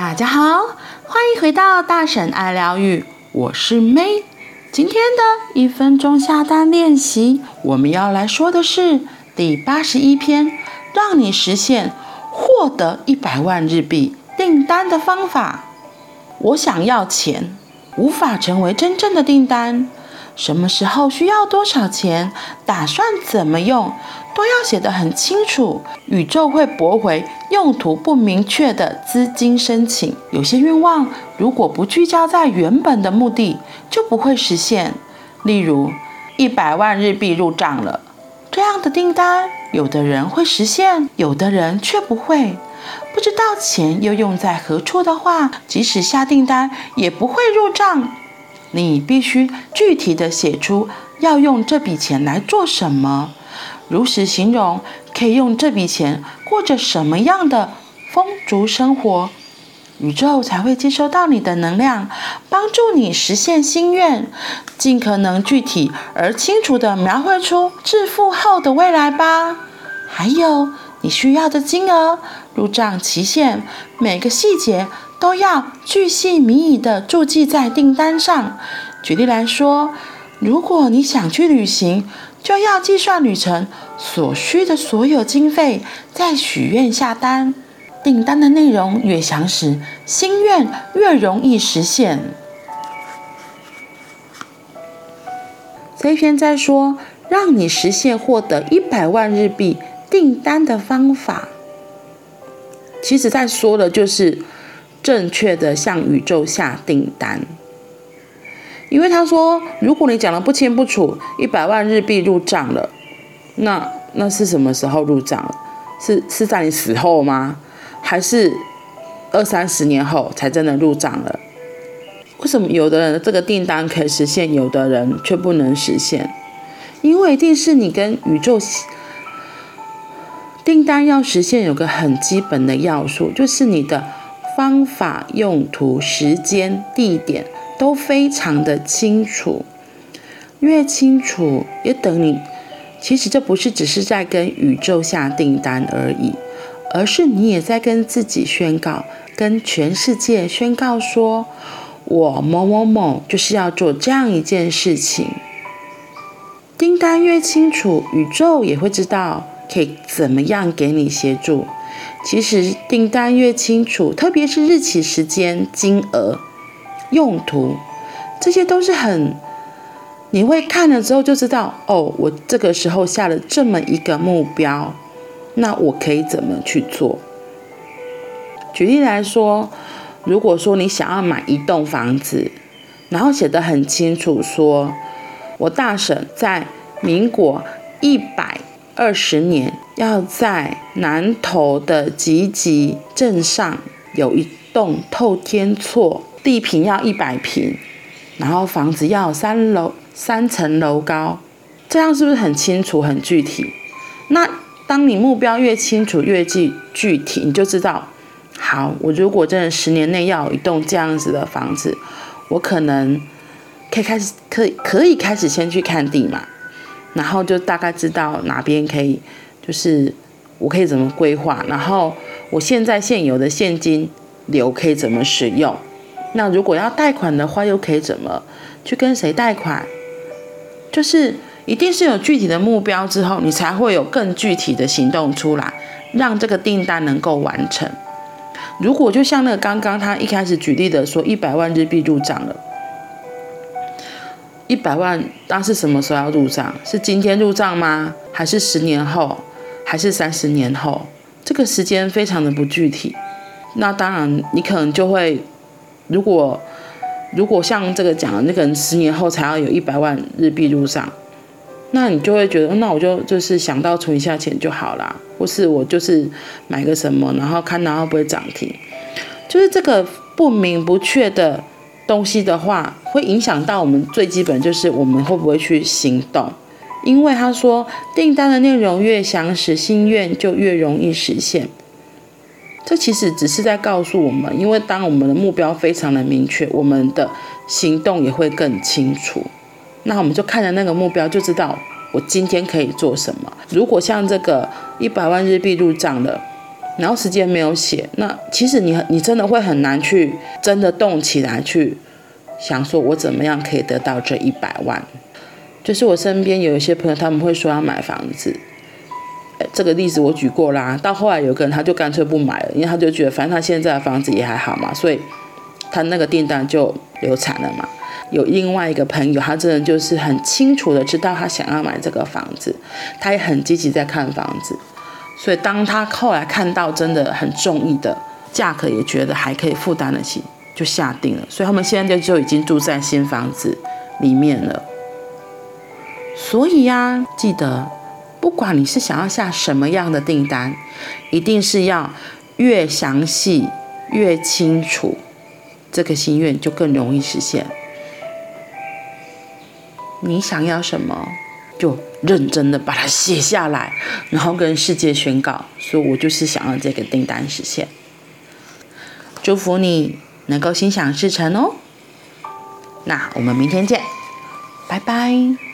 大家好，歡迎回到大神愛療癒，我是 May。今天的一分鐘下單練習，我們要來說的是第八十一篇，讓你實現獲得一百萬日幣訂單的方法。我想要錢，無法成為真正的訂單。什麼時候需要多少錢，打算怎麼用，都要寫得很清楚。宇宙會駁回用途不明確的資金申請。有些願望如果不聚焦在原本的目的，就不會實現。例如，一百萬日幣入賬了，這樣的訂單，有的人會實現，有的人卻不會。不知道錢又用在何處的話，即使下訂單也不會入賬。你必須具體的寫出要用這筆錢來做什麼，如實形容可以用這筆錢過着什麼樣的豐足生活，宇宙才會接收到你的能量，幫助你實現心願。盡可能具體而清楚的描繪出致富後的未來吧，還有你需要的金額、入賬期限，每個細節，都要鉅細靡遺的註記在訂單上。舉例來說，如果你想去旅行，就要計算旅程所需的所有經費，再許願下單。訂單的內容越詳實，心願越容易實現。這一篇在說讓你實現獲得一百萬日幣訂單的方法，其實在說的就是。正確的向宇宙下訂單，因為他說，如果你講的不清不楚，一百萬日幣入賬了，那那是什麼時候入賬？是是在你死後嗎？還是二三十年後才真的入賬了？為什麼有的人這個訂單可以實現，有的人卻不能實現？因為一定是你跟宇宙訂單要實現有個很基本的要素，就是你的。方法、用途、時間、地點都非常的清楚，越清楚，越等你。其實這不是只是在跟宇宙下訂單而已，而是你也在跟自己宣告，跟全世界宣告說：我某某某就是要做這樣一件事情。訂單越清楚，宇宙也會知道可以怎麼樣給你協助。其實訂單越清楚，特別是日期、時間、金額、用途，這些都是很，你會看了之後就知道哦。我這個時候下了這麼一個目標，那我可以怎麼去做？舉例來說，如果說你想要買一棟房子，然後寫得很清楚說，說我大嬸在民國一百。二十年要在南投的集集鎮上有一棟透天厝，地坪要一百坪，然後房子要三樓三層樓高，這樣是不是很清楚、很具體？那當你目標越清楚、越具具體，你就知道，好，我如果真的十年內要有一棟這樣子的房子，我可能可以開始，可以可以開始先去看地嘛。然後就大概知道哪邊可以，就是我可以怎麼規劃，然後我現在現有的現金流可以怎麼使用，那如果要貸款的話又可以怎麼去跟誰貸款？就是一定是有具體的目標之後，你才會有更具體的行動出來，讓這個訂單能夠完成。如果就像那個剛剛他一開始舉例的說，一百萬日幣入賬了。一百萬，那是什麼時候要入賬？是今天入賬嗎？還是十年後？還是三十年後？這個時間非常的不具體。那當然，你可能就會，如果如果像這個講的，那個人十年後才要有一百萬日幣入賬，那你就會覺得，那我就就是想到存一下錢就好啦，或是我就是買個什麼，然後看它會不會漲停。就是這個不明不確的。東西的話，會影響到我們最基本，就是我們會不會去行動。因為他說，訂單的內容越詳實，心願就越容易實現。這其實只是在告訴我們，因為當我們的目標非常的明確，我們的行動也會更清楚。那我們就看着那個目標，就知道我今天可以做什麼。如果像這個一百萬日幣入賬的。然後時間沒有寫，那其實你你真的會很難去真的動起來去想說，我怎麼樣可以得到這一百萬？就是我身邊有一些朋友，他們會說要買房子，這個例子我舉過啦。到後來有個人他就乾脆不買了，因為他就覺得反正他現在的房子也還好嘛，所以他那個訂單就流產了嘛。有另外一個朋友，他真的就是很清楚的知道他想要買這個房子，他也很積極在看房子。所以，當他後來看到真的很中意的價格，也覺得還可以負擔得起，就下定了。所以，他們現在就已經住在新房子裡面了。所以呀，記得，不管你是想要下什麼樣的訂單，一定是要越詳細、越清楚，這個心願就更容易實現。你想要什麼？就認真的把它寫下來，然後跟世界宣告，所以我就是想要這個訂單實現。祝福你能夠心想事成哦！那我們明天見，拜拜。